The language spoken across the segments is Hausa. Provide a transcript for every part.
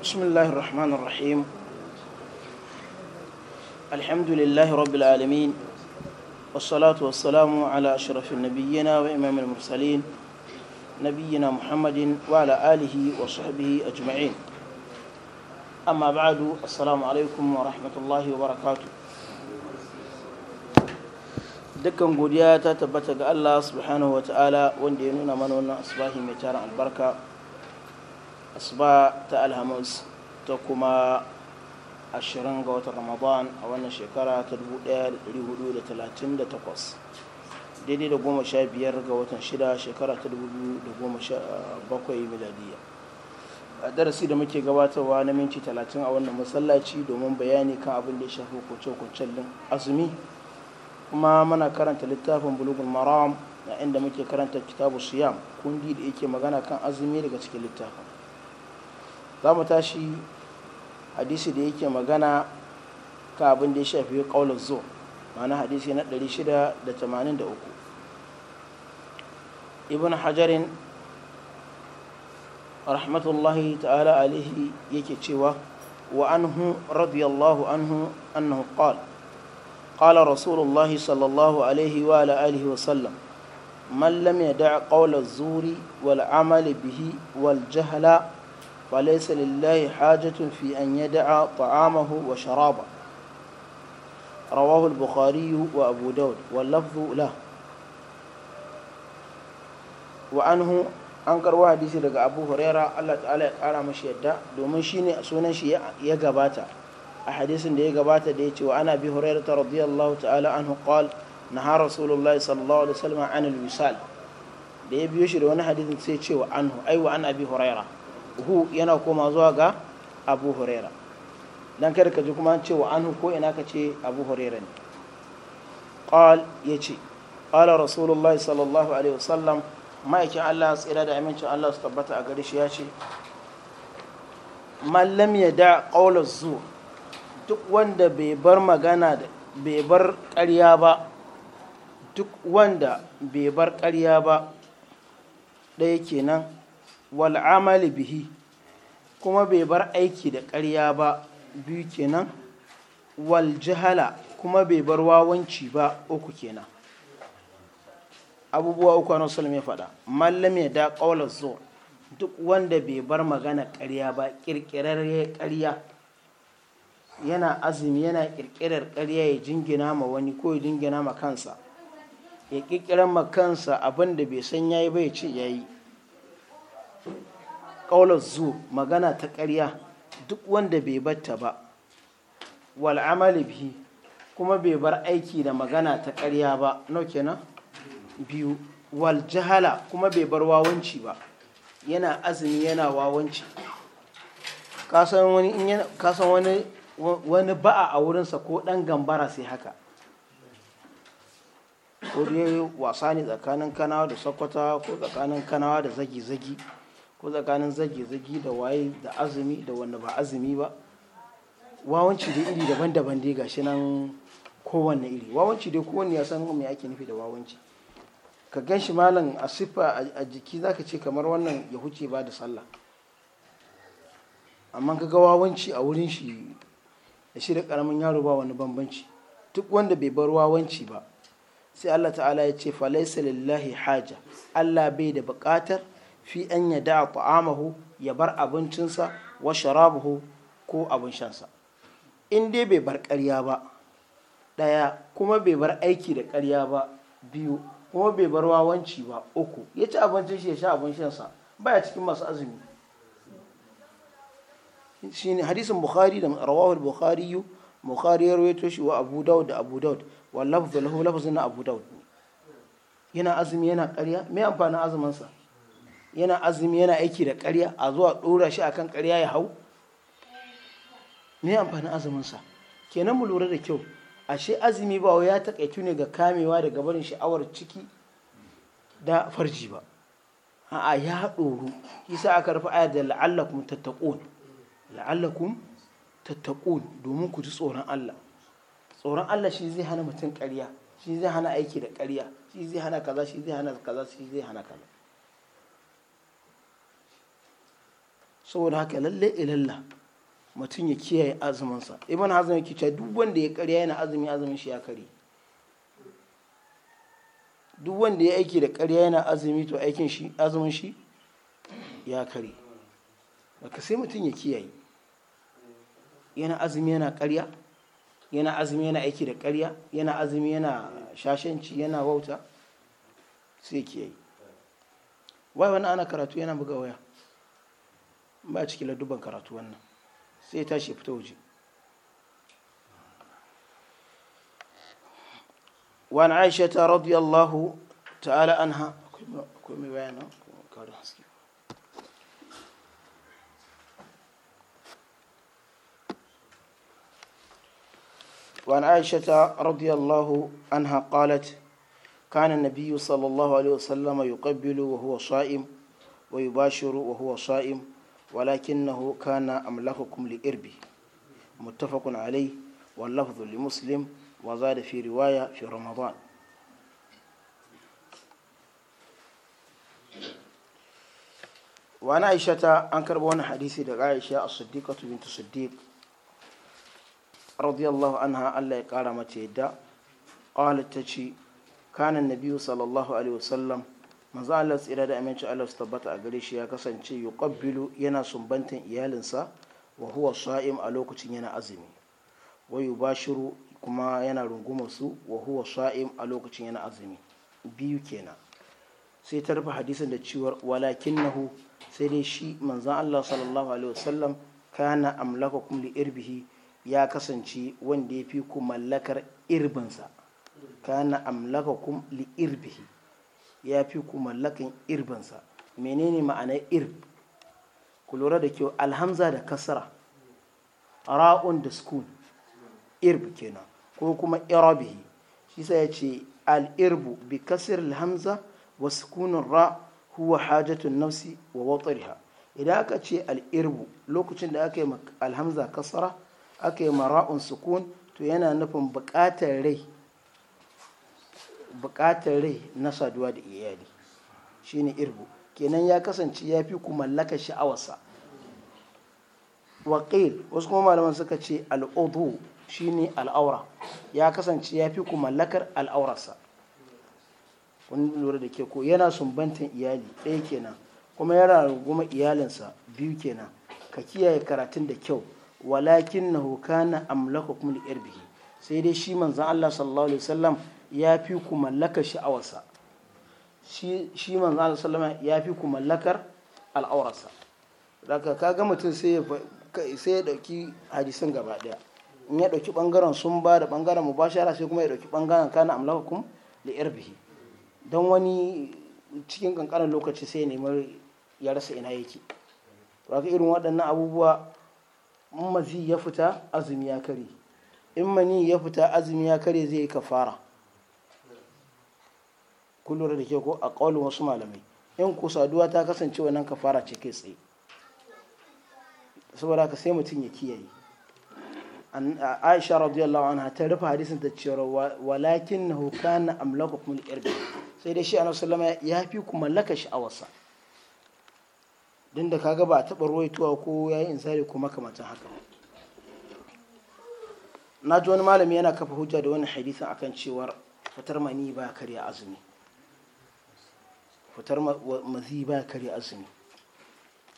بسم الله الرحمن الرحيم الحمد لله رب العالمين والصلاة والسلام على أشرف النبيين وإمام المرسلين نبينا محمد وعلى آله وصحبه أجمعين أما بعد السلام عليكم ورحمة الله وبركاته dukkan godiya ta tabbata ga Allah subhanahu wa ta'ala wanda ya nuna mana wannan asibahi mai tarin albarka asuba ta alhamis ta kuma 20 ga watan ramadan a wannan shekara ta 1438 daidai da goma sha biyar ga watan shida shekara ta dubu da goma bakwai miladiya a darasi da muke gabatarwa na minti talatin a wannan masallaci domin bayani kan abin da ya shafi kwace-kwacen azumi kuma mana karanta littafin bulugun maram na inda muke karanta kitabu siyam kundi da yake magana kan azumi daga cikin littafin za mu tashi hadisi da yake magana ka abin da ya shafi ƙaular zo ma'ana hadisi na 683 ibn hajarin rahmatullahi ta'ala alihi yake cewa wa anhu radiyallahu anhu annahu qala قال رسول الله صلى الله عليه وعلى آله وسلم من لم يدع قول الزور والعمل به والجهل فليس لله حاجة في أن يدع طعامه وشرابه رواه البخاري وأبو داود واللفظ له وعنه أنكر واحد يسير أبو هريرة الله تعالى قال مش يدع دومن شيني سونن شي يغباتا أحاديث دي يغباتا دي وعن أبي هريرة رضي الله تعالى عنه قال نهى رسول الله صلى الله عليه وسلم عن الوصال da ya biyo shi da wani hadithin sai ce wa anhu ai wa an abi huraira hu yana koma zuwa ga abu huraira don kada ka ji kuma an ce anhu ko ina ka ce abu huraira ne ya ce qala rasulullahi sallallahu alaihi wasallam ma'aikin Allah tsira da amincin Allah su tabbata a gari shi ya ce mallam ya da ƙaular zuwa duk wanda bai bar magana da bai bar ƙarya ba duk wanda bai bar ƙarya ba ɗaya kenan wal'amali bihi kuma bai bar aiki da ƙarya ba biyu kenan wal jihala kuma bai bar wawanci ba uku kenan abubuwa uku anu salam ya faɗa mallam ya da ƙaular zuwa duk wanda bai bar magana ƙarya ba ƙirƙirar ƙarya yana azumi yana ƙirƙirar ƙarya ya jingina ma wani ko ya jingina ma kansa ya ƙirƙirar ma kansa abin da bai san yayi ba ya ce yayi ƙaular zu magana ta ƙarya duk wanda bai batta ba wal amali kuma bai bar aiki da magana ta ƙarya ba nau kenan biyu wal jahala kuma bai bar wawanci ba yana azumi yana wawanci kasan wani wani ba'a a wurinsa ko ɗan gambara sai haka ko dai wasa ne tsakanin kanawa da sakwata ko tsakanin kanawa da zagi-zagi ko tsakanin zage-zage da waye da azumi da wanda ba azumi ba wawanci dai iri daban-daban dai gashi nan kowanne iri wawanci dai kowanne ya san mai ake nufi da wawanci ka gan shi malam a siffa a jiki zaka ce kamar wannan ya huce ba da sallah amma ka ga wawanci a wurin shi da shi da karamin yaro ba wani bambanci duk wanda bai bar wawanci ba sai Allah ta'ala ya ce falaisa lillahi haja Allah bai da buƙatar fi an ya da ta'amahu ya bar abincinsa wa sharabuhu ko abin shansa in dai bai bar ƙarya ba ɗaya kuma bai bar aiki da ƙarya ba biyu kuma bai bar wawanci ba uku ya ci abincin shi ya sha abin shansa baya cikin masu azumi shine hadisin bukhari da rawahu bukhari bukhari ya rawaito shi wa abu daud da abu daud wa lafzu lahu lafzun abu daud yana azumi yana karya me amfanin azumin sa yana azumi yana aiki da ƙarya a zuwa ɗora shi akan ƙarya ya hau me amfani azuminsa kenan mu lura da kyau ashe azumi ba ya takaitu ne ga kamewa daga gabarin sha'awar ciki da farji ba a ya ɗoru isa aka rufe ayat da la'allakum tattaqun la'allakum tattaqun domin ku ji tsoron Allah tsoron Allah shi zai hana mutum ƙarya shi zai hana aiki da ƙarya shi zai hana kaza shi zai hana kaza shi zai hana kaza saboda haka lalle ilalla mutum ya kiyaye azuminsa ibn hazm yake cewa duk wanda ya karya yana azumi azumin shi ya kare duk wanda ya aiki da karya yana azumi to aikin shi azumin shi ya kare baka sai mutum ya kiyaye yana azumi yana karya yana azumi yana aiki da karya yana azumi yana shashanci yana wauta sai kiyaye wai wani ana karatu yana buga waya ba cikin ladduban karatu wannan sai tashi ya fita waje wani aisha ta radiyallahu ta'ala an ha kome bayanan kawai haske وعن عائشة رضي الله عنها قالت كان النبي صلى ولكنه كان أملككم لإربي متفق عليه واللفظ لمسلم وزاد في رواية في رمضان وأنا عائشة أنكر بون حديثي دقاء عائشة الصديقة بنت الصديق رضي الله عنها الله يقال متى قالت تشي كان النبي صلى الله عليه وسلم manzo Allah tsira da aminci Allah su tabbata a gare shi ya kasance yuqabbilu yana sumbantan iyalinsa wa huwa sa'im a lokacin yana azumi wa yubashiru kuma yana rungumar su wa huwa sa'im a lokacin yana azumi biyu kenan sai ta rufe hadisin da cewar walakinnahu sai dai shi manzo Allah sallallahu alaihi wasallam kana amlakakum li irbihi ya kasance wanda ya fi ku mallakar irbinsa kana amlaka li irbihi ya fi ku mallakan irbinsa menene ma'anar irb ku lura da kyau alhamza da kasara ra'un da sukun irb kenan ko kuma irabihi shi sai ya ce al'irbu bi kasir alhamza wa sukunin ra huwa hajatun nafsi wa watsariha idan aka ce al'irbu? lokacin da aka yi alhamza kasara aka yi mara'un sukun to yana nufin bukatar rai bukatar rai na saduwa da iyali shine irbu kenan ya kasance ya fi ku mallaka sha'awarsa waƙil wasu kuma malaman suka ce al'udu shine al'aura ya kasance ya fi ku mallakar al'aurarsa kun lura da ke ko yana sumbantan iyali ɗaya kenan kuma yana runguma iyalinsa biyu kenan ka kiyaye karatun da kyau walakin na hukana amlaka kuma da irbihi sai dai shi manzan allah sallallahu alaihi wasallam ya fi ku mallakar sha'awarsa shi za Allah sallama ya fi ku mallakar al'aurarsa daga kaga mutum sai ya dauki hadisan gaba daya in ya dauki bangaren sun ba da bangaren mubashara sai kuma ya dauki bangaren kana da li irbihi Don wani cikin kankanin lokaci sai ya nemi ya rasa ina yake ka irin waɗannan abubuwa in mazi ya fita azumi ya kare in mani ya fita azumi ya kare zai yi kafara kun da ke ko a ƙaunin wasu malamai yan ku saduwa ta kasance wannan kafara ce kai tsaye saboda ka sai mutum ya kiyaye aisha radiyallahu anha ta rufe hadisin ta cewa walakin na hukana kuma da irbi sai dai shi a nasu sallama ya fi ku mallaka sha'awarsa din da kaga ba taɓa ruwaituwa ko ya yi insari kuma kamata haka na ji wani malami yana kafa hujja da wani hadisin akan cewar fatar mani ba karya azumi fitar mazi ba kare azumi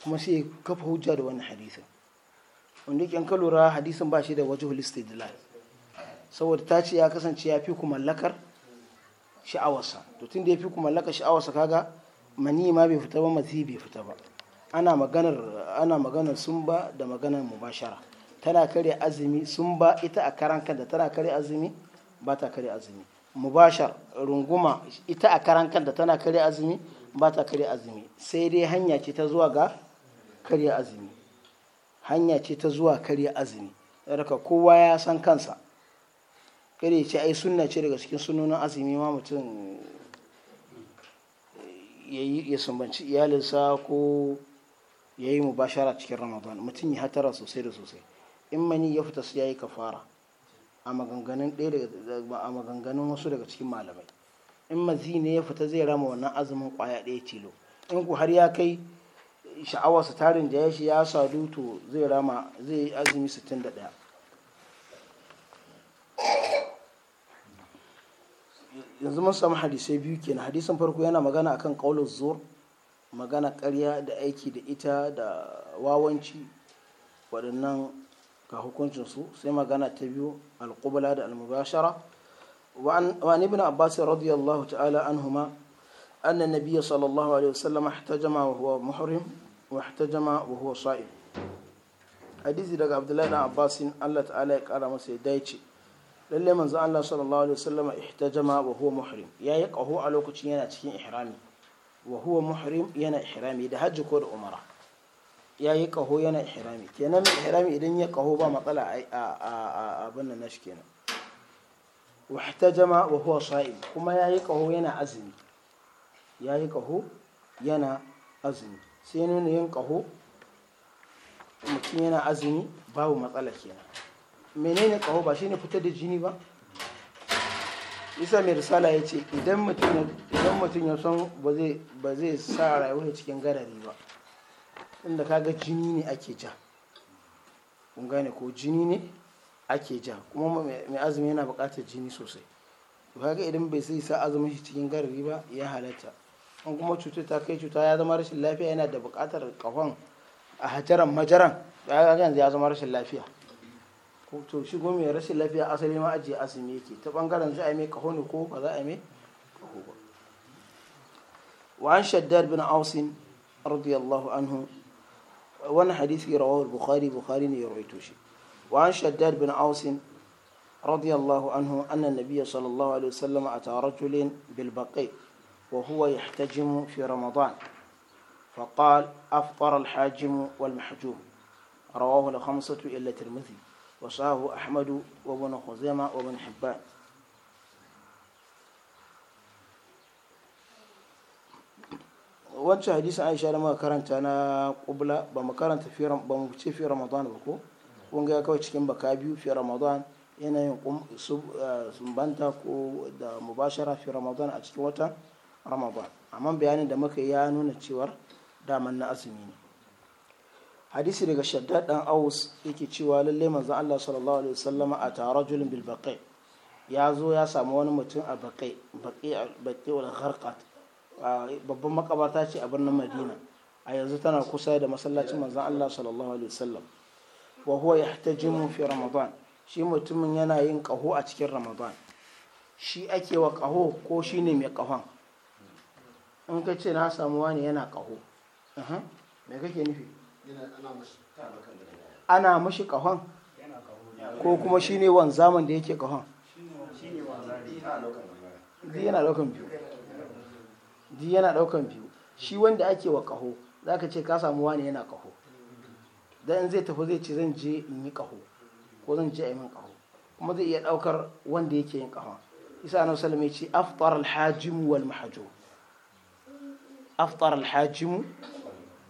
kuma sai kafa hujja da wani hadisin wanda yake ka lura hadisin ba shi da wajhul istidlal saboda ta ce ya kasance ya fi ku mallakar sha'awarsa to tun da ya fi ku mallakar sha'awarsa kaga mani ma bai fita ba mazi bai fita ba ana maganar ana maganar sumba da maganar mubashara tana kare azumi sumba ita a karan kanta tana kare azumi ba ta kare azumi mubashar runguma ita a karan kanta tana karya azumi ba ta karya azumi sai dai hanya ce ta zuwa ga karya azumi hanya ce ta zuwa karya azumi daga kowa ya san kansa kare ce ai sunna ce daga cikin sunonin azumi ma mutum ya sumbanci iyalinsa ko ya yi mubashara cikin ramadan mutum ya hatara sosai da sosai in mani ya fita su ya yi kafara a maganganun wasu daga cikin malamai in mazi ne ya fita zai rama wannan azumin kwaya ɗaya tilo in ku har ya kai sha'awarsa tarin da ya shi ya sadu to zai rama zai yi azumi 61 yanzu mun samu hadisai biyu kenan hadisin farko yana magana akan kan zuwa magana karya da aiki da ita da wawanci waɗannan ga hukuncinsu sai magana ta biyu alƙubula da almubashara an huma an na nabiya sallallahu alaihi أن ta jama wa huwa وسلم wa ta jama wa huwa sa'i hadisi daga Abdullahi بن abbas Allah ta'ala ya kara masa daice lalle manzo Allah sallallahu alaihi wasallam jama wa huwa muhrim ya yi qahu a lokacin yana cikin ihrami wa huwa muhrim yana ihrami da hajji ko da umara ya yi kaho yana ihrami kenan ihrami idan ya kaho ba matsala a abin nan shi kenan wahtajama wa huwa sa'im kuma ya yi kaho yana azumi ya yi kaho yana azumi sai nuna yin kaho mutum yana azumi babu matsala kenan menene kaho ba shine fita da jini ba isa mai risala ya ce idan mutum ya san ba zai sa rayuwa cikin garari ba inda kaga jini ne ake ja kun gane ko jini ne ake ja kuma mai azumi yana buƙatar jini sosai kaga idan bai sai sa azumin shi cikin garari ba ya halatta in kuma cutar ta kai cuta ya zama rashin lafiya yana da buƙatar kafan a hajaran majaran ya yanzu ya zama rashin lafiya to shi goma mai rashin lafiya asali ma ajiye azumi yake ta bangaren za a yi mai kaho ne ko ba za a yi mai kaho ba wa an bin ausin radiyallahu anhu wannan hadisi rawar bukhari bukhari ne ya rawaito shi wa an shaddad bin ausin radiyallahu anhu anna nabiyya sallallahu alaihi wasallam a tarajulin bilbaqai wa huwa yahtajimu fi ramadan fa qal afṭara al-hajim wal mahjum rawahu al illa tirmidhi wa sahahu ahmad wa ibn khuzaimah wa ibn hibban wancan hadisin aisha da muka karanta na kubla ba mu karanta ba mu ce ramadan ba ko kun ga kawai cikin baka biyu fi ramadan yanayin eh, sumbanta ko da mubashara fi ramadan a cikin watan ramadan amma bayanin da muka ya nuna cewar daman na azumi ne hadisi daga shaddad dan aus yake cewa lalle manzon Allah sallallahu alaihi wasallama a tarajulun bil baqi ya zo ya samu wani mutum a baqi baqi baqi wal gharqat babban makabata ce a birnin madina a yanzu tana kusa da masallacin manzan allah sallallahu alaihi wasallam wa huwa yahtajimu fi ramadan shi mutumin yana yin kaho a cikin ramadan shi ake wa kaho ko shi ne mai kahon in ka ce na samu wani yana kaho me kake nufi ana mashi kahon ko kuma shi ne wanzaman da yake kahon yana daukan biyu duk yana ɗaukan biyu shi wanda ake wa kaho za ka ce ka samu wani yana kaho. dan in zai tafi zai ce zan je in yi kaho ko zan je a yi min kaho kuma zai iya ɗaukar wanda yake yin kaho isa na salama ce aftar alhajim wal mahajo aftar alhajim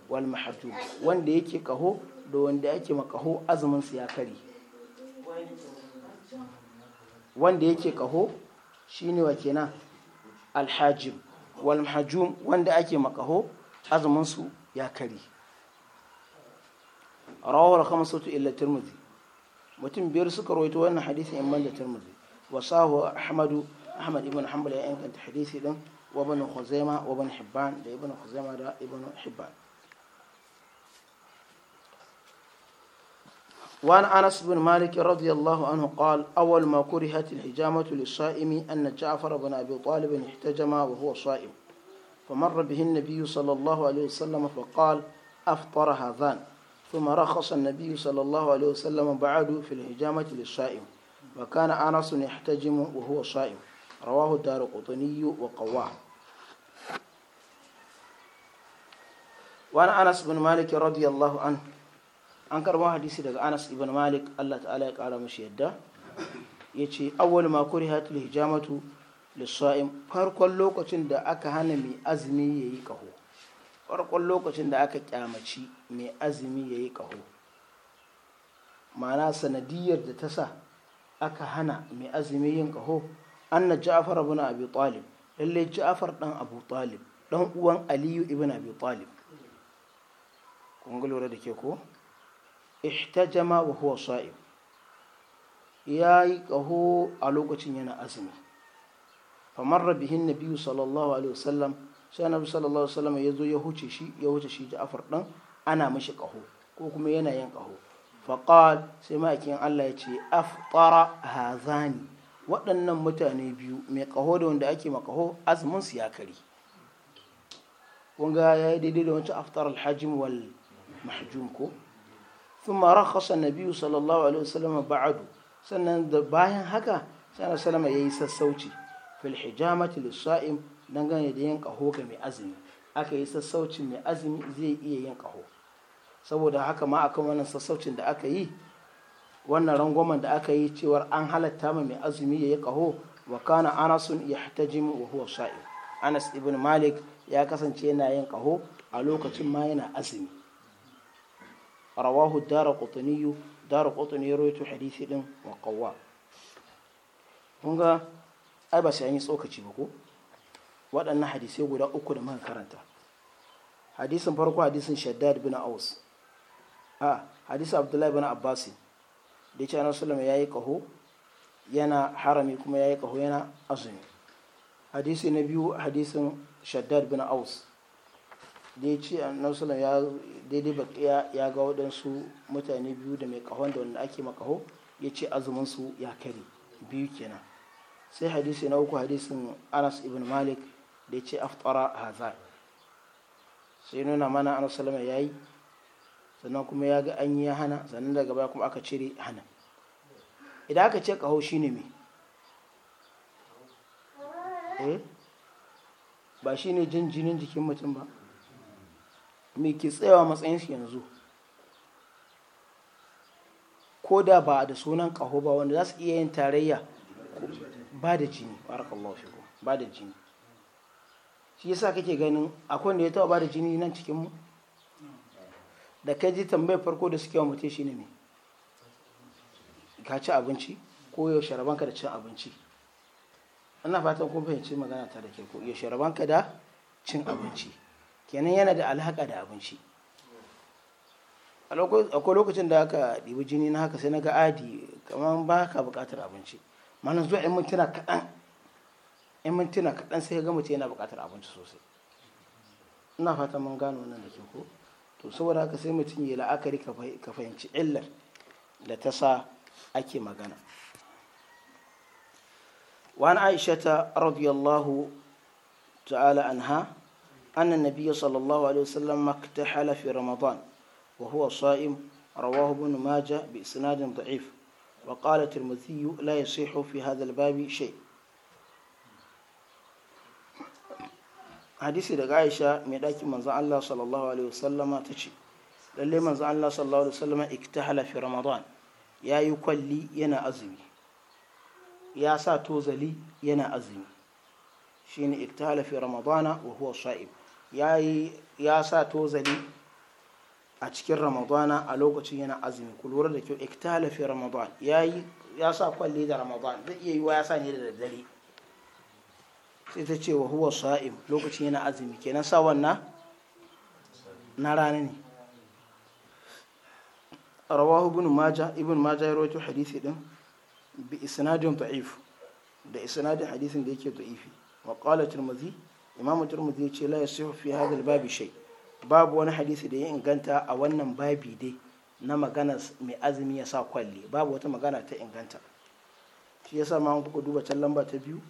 wal mahajo wanda yake kaho da wanda yake kaho azumin su ya kare wanda yake kaho shine wa kenan alhajim wal wanda ake makaho azumin su ya kare rawar sautu illa tirmidhi mutum biyar suka rawaito wannan hadisi in da tirmidhi wa ahmadu ahmad ibn hanbal ya inganta hadisi din wa ibn khuzaima wa ibn hibban da ibn khuzaima da ibn hibban وعن أنس بن مالك رضي الله عنه قال أول ما كرهت الحجامة للصائم أن جعفر بن أبي طالب احتجم وهو صائم فمر به النبي صلى الله عليه وسلم فقال أفطر هذان ثم رخص النبي صلى الله عليه وسلم بعد في الحجامة للصائم وكان أنس يحتجم وهو صائم رواه الدار قطني وقواه وعن أنس بن مالك رضي الله عنه an karɓo hadisi daga anas ibn malik allah ta'ala ya ƙara mashi yadda ya ce awwal ma kurihat hijamatu lissa'im farkon lokacin da aka hana mai azumi ya yi ƙaho farkon lokacin da aka kyamaci mai azumi ya yi ƙaho ma'ana sanadiyar da ta sa aka hana mai azumi yin kaho? an na ja'afar abu na abu talib lallai ja'afar ɗan abu talib ɗan uwan aliyu ibn abu talib kun lura da ke ko ihtajama wa huwa sa'im ya yi ƙaho a lokacin yana azumi famar rabihin na biyu sallallahu alaihi wasallam sai sallallahu alaihi ya zo ya huce shi ya huce shi ja'afar ɗan ana mashi ƙaho ko kuma yana yin ƙaho faƙal sai ma'aikin allah ya ce aftara hazani waɗannan mutane biyu mai ƙaho da wanda ake makaho azumin su ya kari kun ya yi daidai da wancan aftar alhajim wal mahjum ko ثم رخص النبي صلى الله عليه وسلم بعد sannan da bayan haka sana salama ya yi sassauci fil hijamati lissa'im dangane da yin kaho ga mai azumi aka yi sassauci mai azumi zai iya yin kaho saboda haka ma akan wani sassaucin da aka yi wannan rangwamen da aka yi cewar an halatta ma mai azumi ya yi kaho wa kana anasun sun iya huwa sha'im anas ibn malik ya kasance yana yin kaho a lokacin ma yana azumi rawahu dara qutniyu dara qutni ya rawaito hadisi din wa qawwa kun ga ai ba sai an yi tsokaci ba ko waɗannan hadisai guda uku da muka karanta hadisin farko hadisin shaddad bin aus a hadisin abdullahi bin abbas da ce annabi sallallahu ya yi kaho yana harami kuma yayi kaho yana azumi hadisi na biyu hadisin shaddad bin aus da ya ce annabi ya daidai bakiya ya ga waɗansu mutane biyu da mai kahon da wanda ake makaho ya ce azuminsu ya kare biyu kenan sai hadisi na uku hadisin anas ibn malik da ya ce aftara haza sai nuna mana anas salama ya yi sannan kuma ya ga an yi hana sannan daga baya kuma aka cire hana idan aka ce kaho shine me eh? ba shine jin jinin jikin mutum ba me ke tsayawa matsayin shi yanzu ko da ba da sunan kaho ba wanda za su iya yin tarayya ba da jini ba da jini shi yasa kake ganin akwai da ya taba ba da jini nan cikin mu da kai ji tambayar farko da suke wa mutu shi ne ka ci abinci ko yaushe ka da cin abinci ana fatan kun fahimci magana ta da ke ko yaushe ka da cin abinci kenan yana da alhaka da abin shi akwai lokacin da aka ɗibi jini na haka sai na ga adi kamar ba ka buƙatar abinci mana zuwa yan mintuna kaɗan yan mintuna kaɗan sai ga mace yana buƙatar abinci sosai ina fata mun gano nan da ke ko to saboda haka sai mutum ya la'akari ka fahimci illar da ta sa ake magana وعن aishata رضي ta'ala تعالى عنها أن النبي صلى الله عليه وسلم اكتحل في رمضان وهو صائم رواه ابن ماجه بإسناد ضعيف وقال الترمذي لا يصح في هذا الباب شيء hadisi daga aisha mai ɗakin manzan allah sallallahu alaihi wasallama ta ce lalle manzan allah sallallahu alaihi wasallama iktahala fi ramadan ya yi kwalli yana azumi ya sa tozali yana azumi shine iktahala fi ramadana wa huwa sha'ib ya sa tozali a cikin ramadana a lokacin yana azumi ku lura da kyau iktala ramadan ya sa kwalli da ramadan zai iya yiwa ya sa ne da daddare sai ta ce wa huwa sa'im lokacin yana azumi kenan sa wannan na rana ne rawahu ibn majah ibn majah ya rawaito hadisi din bi isnadin da'if da isnadin hadisin da yake da'ifi wa qala tirmidhi imam turmudi ya ce la yasihu fi hadha babi shay babu wani hadisi da ya inganta a wannan babi dai na magana mai azumi ya sa kwalli babu wata magana ta inganta shi yasa ma kuka duba can lamba ta biyu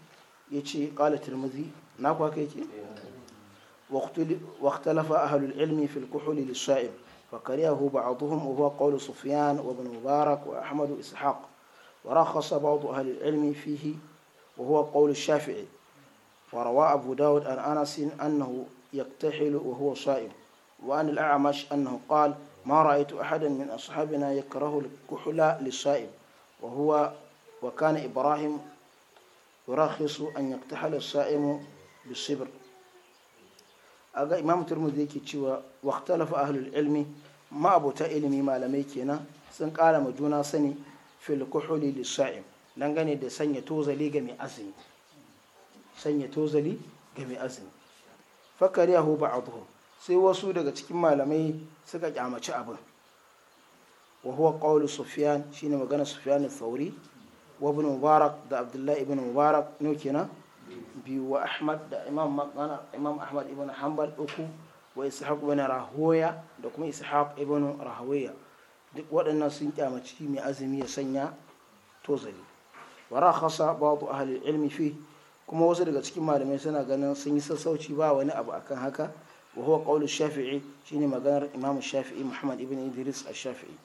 ya ce qala turmudi na kwa kai ke واختلف أهل العلم في الكحول wa فكرهه بعضهم وهو قول سفيان وابن مبارك وأحمد إسحاق ورخص بعض أهل العلم فيه وهو قول الشافعي وروى أبو داود عن أن أنس أنه يكتحل وهو صائم وعن الأعمش أنه قال ما رأيت أحدا من أصحابنا يكره الكحل للصائم وهو وكان إبراهيم يرخص أن يكتحل الصائم بالصبر أجا إمام الترمذي كتشوا واختلف أهل العلم ما أبو تألمي ما لميكينا سنقال مجونا سني في الكحل للصائم لنغني دسنية توزلي جميع أسني sanya tozali ga mai azumi fakari yahu ba'dhum sai wasu daga cikin malamai suka kyamaci abin wa huwa qawlu sufyan shine magana sufyan al-thawri wa ibn mubarak da abdullah ibn mubarak no kenan bi wa ahmad da imam magana imam ahmad ibn hanbal uku wa ishaq ibn rahoya da kuma ishaq ibn rahoya duk waɗannan sun kyamaci mai azumi ya sanya tozali wa rakhasa ba'd ahli al-ilmi fi kuma wasu daga cikin malamai suna ganin sun yi sassauci ba wani abu akan haka wa huwa qawlu shafi'i shine maganar imam shafi'i muhammad ibn idris ash-shafi'i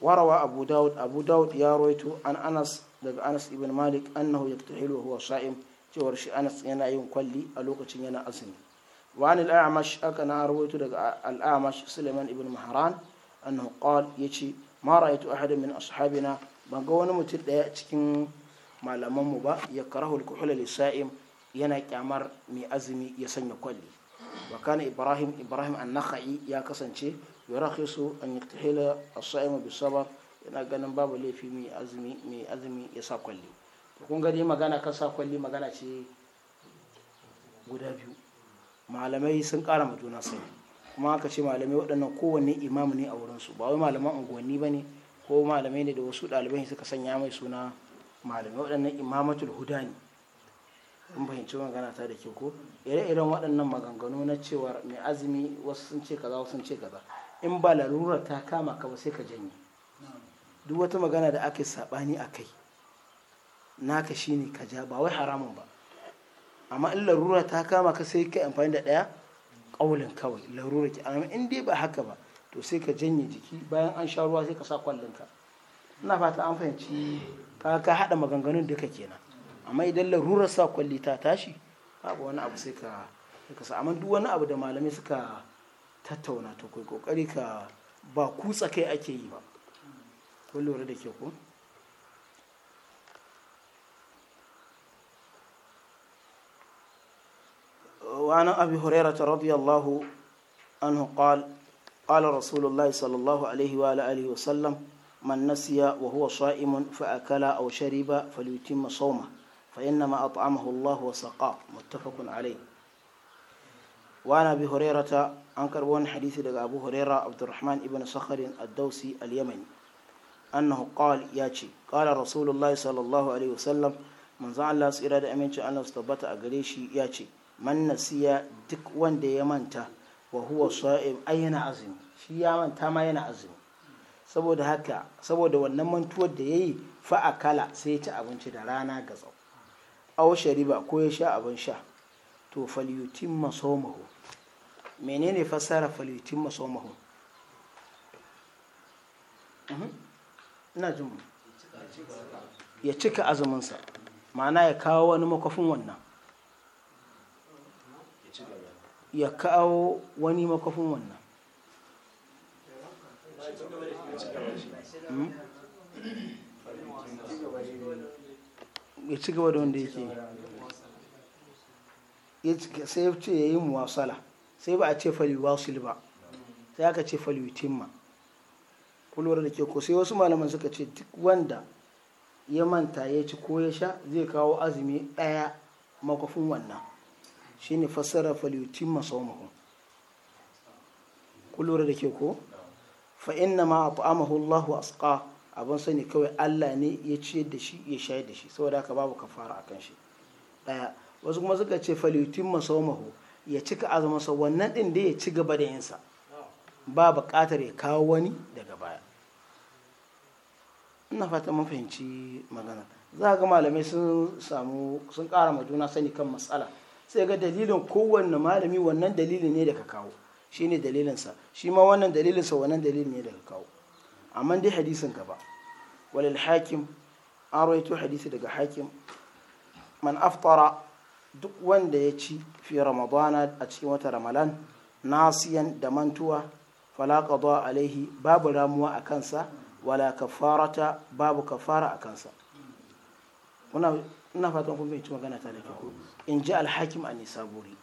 warawa abu daud abu daud ya rawaito an anas daga anas ibn malik annahu yaktahilu wa huwa sha'im cewar shi anas yana yin kwalli a lokacin yana azumi wa an al-a'mash aka na rawaito daga al-a'mash sulaiman ibn mahran annahu qala yace ma ra'aytu ahadan min ashabina ban ga wani mutum daya cikin malamanmu ba ya hulku alkuhula lisa'im yana kyamar mai azumi ya sanya kwalli wa kana ibrahim ibrahim an-nakhai ya kasance su an tahila a saim bi yana ganin babu laifi mai azumi mai ya sa kwalli to kun gani magana kan sa kwalli magana ce guda biyu malamai sun kara ma juna sai kuma aka ce malamai waɗannan kowanne imam ne a wurinsu ba wai malaman unguwanni ba ne ko malamai ne da wasu ɗalibai suka sanya mai suna malamai waɗannan imamatul huda ne in fahimci magana ta da ke ko ire-iren waɗannan maganganu na cewar mai azumi wasu sun ce kaza wasu sun ce kaza in ba larura ta kama ka ba sai ka janye duk wata magana da aka sabani saɓani a kai naka ne ka ja ba wai haramun ba amma in larura ta kama ka sai ka amfani da ɗaya ƙaulin kawai larura ki amma in dai ba haka ba to sai ka janye jiki bayan an sha ruwa sai ka sa ka ina fata an fahimci ka ka haɗa maganganun duka kenan amma idan larurar sa kwalli ta tashi babu wani abu sai ka ka sa amma duk wani abu da malamai suka tattauna to kai kokari ka ba kutsa kai ake yi ba ko lura da ke ko وعن أبي هريرة رضي الله عنه قال قال رسول الله صلى الله عليه وآله وسلم من نسي وهو صائم فأكل أو شرب فليتم صومه فإنما أطعمه الله وسقاه متفق عليه وعن أبي هريرة أنكر وان حديث لك أبو هريرة عبد الرحمن بن صخر الدوسي اليمني أنه قال ياتي قال رسول الله صلى الله عليه وسلم من زعل الله سيرا دا أمين أن استبت أغريشي ياتي من نسي دك وان دي يمنت وهو صائم أين عزم شي يمنت ما ين عزم saboda haka saboda wannan mantuwar da ya yi fa'akala sai ya ci abinci da rana ga tsau aw shariba ko ya sha abin sha to falyutin masomahu menene fassara falyutin masomahu mhm. ina jin ya cika azuminsa ma'ana ya kawo wani makwafin wannan ya kawo wani makwafin wannan Hmm? ya ci gaba da wanda yake sai ya ce ya yi muwasala sai ba a ce faliwasil ba sai aka ce faliwitimma kulwar da ke ko sai wasu malaman suka ce duk wanda ya manta ya ci ko ya sha zai kawo azumi ɗaya makwafin wannan shi ne fassara faliwitimma sau mahun kulwar da ke ko fa inna ma amahu Allahu asqa abin sani kawai Allah ne ya ciyar da shi ya shayar da shi saboda haka babu kafara akan shi daya wasu kuma suka ce falyutimma sawmahu ya cika azumin sa wannan ɗin da ya ci gaba da yinsa ba buƙatar ya kawo wani daga baya ina fata mun fahimci magana za ga malamai sun samu sun ƙara ma juna sani kan matsala sai ga dalilin kowanne malami wannan dalili ne da ka kawo shi ne dalilinsa shi ma wannan dalilinsa wannan dalilin ne daga kawo amma dai hadisin gaba walil hakim an rawaito hadisi daga hakim man aftara duk wanda ya ci fi ramadana a cikin wata ramadan nasiyan da mantuwa fala qada alaihi babu ramuwa a kansa wala kafarata babu kafara a kansa ina fatan kun bai ci magana ta da kyau in ji alhakim a nisaburi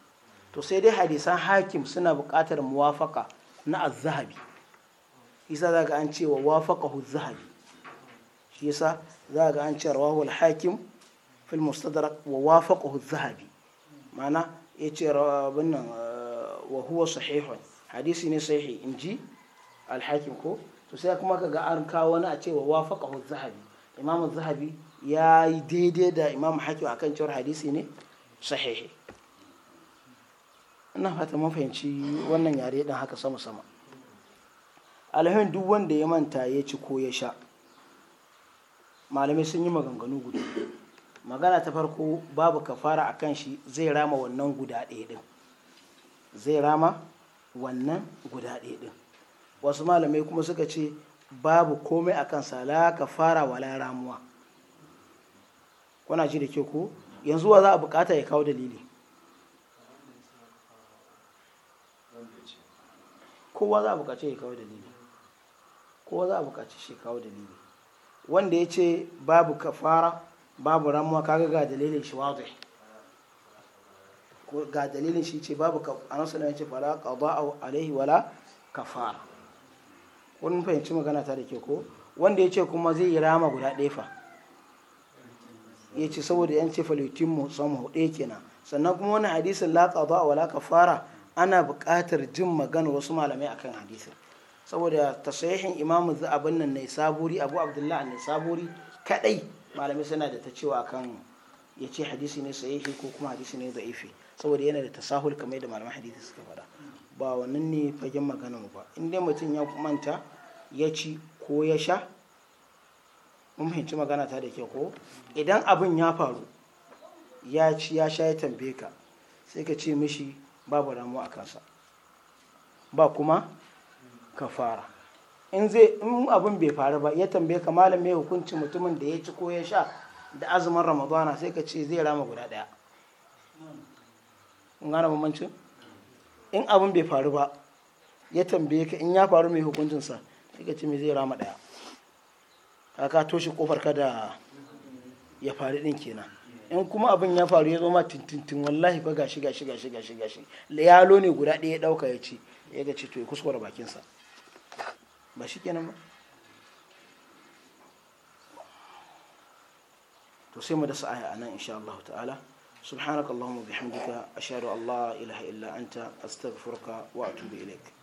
to sai dai hadisan hakim suna buƙatar muwafaka na azzahabi isa za ga an ce wa wafaqahu zahabi shi yasa za ga an ce rawahu al-hakim fil mustadrak wa wafaqahu zahabi mana ya ce nan eh, wa huwa sahihun hadisi ne sahihi inji al-hakim ko to sai kuma kaga an kawo wani a ce wa wafaqahu zahabi imam zahabi ya yi daidai da imam hakim akan cewar hadisi ne sahihi ina fata mafahimci wannan yare din haka sama sama alhain duk wanda ya manta ya ci ko ya sha malamai sun yi maganganu guda magana ta farko babu kafara a kan shi zai rama wannan guda ɗaya ɗin zai rama wannan guda ɗaya ɗin wasu malamai kuma suka ce babu komai a sala ka kafara wala ramuwa kuna ji da ke ko yanzu wa za a bukata ya kawo dalili kowa za a bukaci ya da dalili kowa za a bukaci shi da dalili wanda ya ce babu kafara babu ramuwa kaga ga dalilin shi wadai ga dalilin shi ce babu anan sallallahu ya ce fala a alaihi wala kafara Wani fahimci magana ta da ke ko wanda ya ce kuma zai yi rama guda ɗaya fa ya ce saboda yan ce falitin mu samu ɗaya kenan sannan kuma wani hadisin la a wala kafara ana buƙatar jin magana wasu malamai akan hadisi saboda tasahihin imamu abin nan ne saburi abu abdullahi ne saburi kadai malamai suna da ta cewa akan ya hadisi ne sahihi ko kuma hadisi ne da'ifi saboda yana da tasahul kamar da malaman hadisi suka faɗa ba wannan ne fagen magana ba in dai mutum ya manta ya ci ko ya sha mun fahimci magana ta da ke ko idan abin ya faru ya ci ya sha ya tambaye ka sai ka ce mishi babu damuwa a kansa ba kuma fara in zai in abin bai faru ba ya tambaye ka malam mai hukuncin mutumin da ya ci ko ya sha da azumin ramadana sai ka ce zai rama guda daya in gane bambancin in abin bai faru ba ya tambaye ka in ya faru mai hukuncinsa sai ka ce mai zai rama daya ka toshe kofar ka da ya faru din kenan in kuma abin ya faru ya zo ma tintintin wallahi fa gashi gashi gashi gashi gashi yalo ne guda ɗaya ya ɗauka ya ce ya ga ce to ya kuskura bakinsa ba shi kenan ba to sai mu da sa'a a nan insha Allah ta'ala subhanakallahumma bihamdika ashhadu an la ilaha illa anta astaghfiruka wa atubu ilaik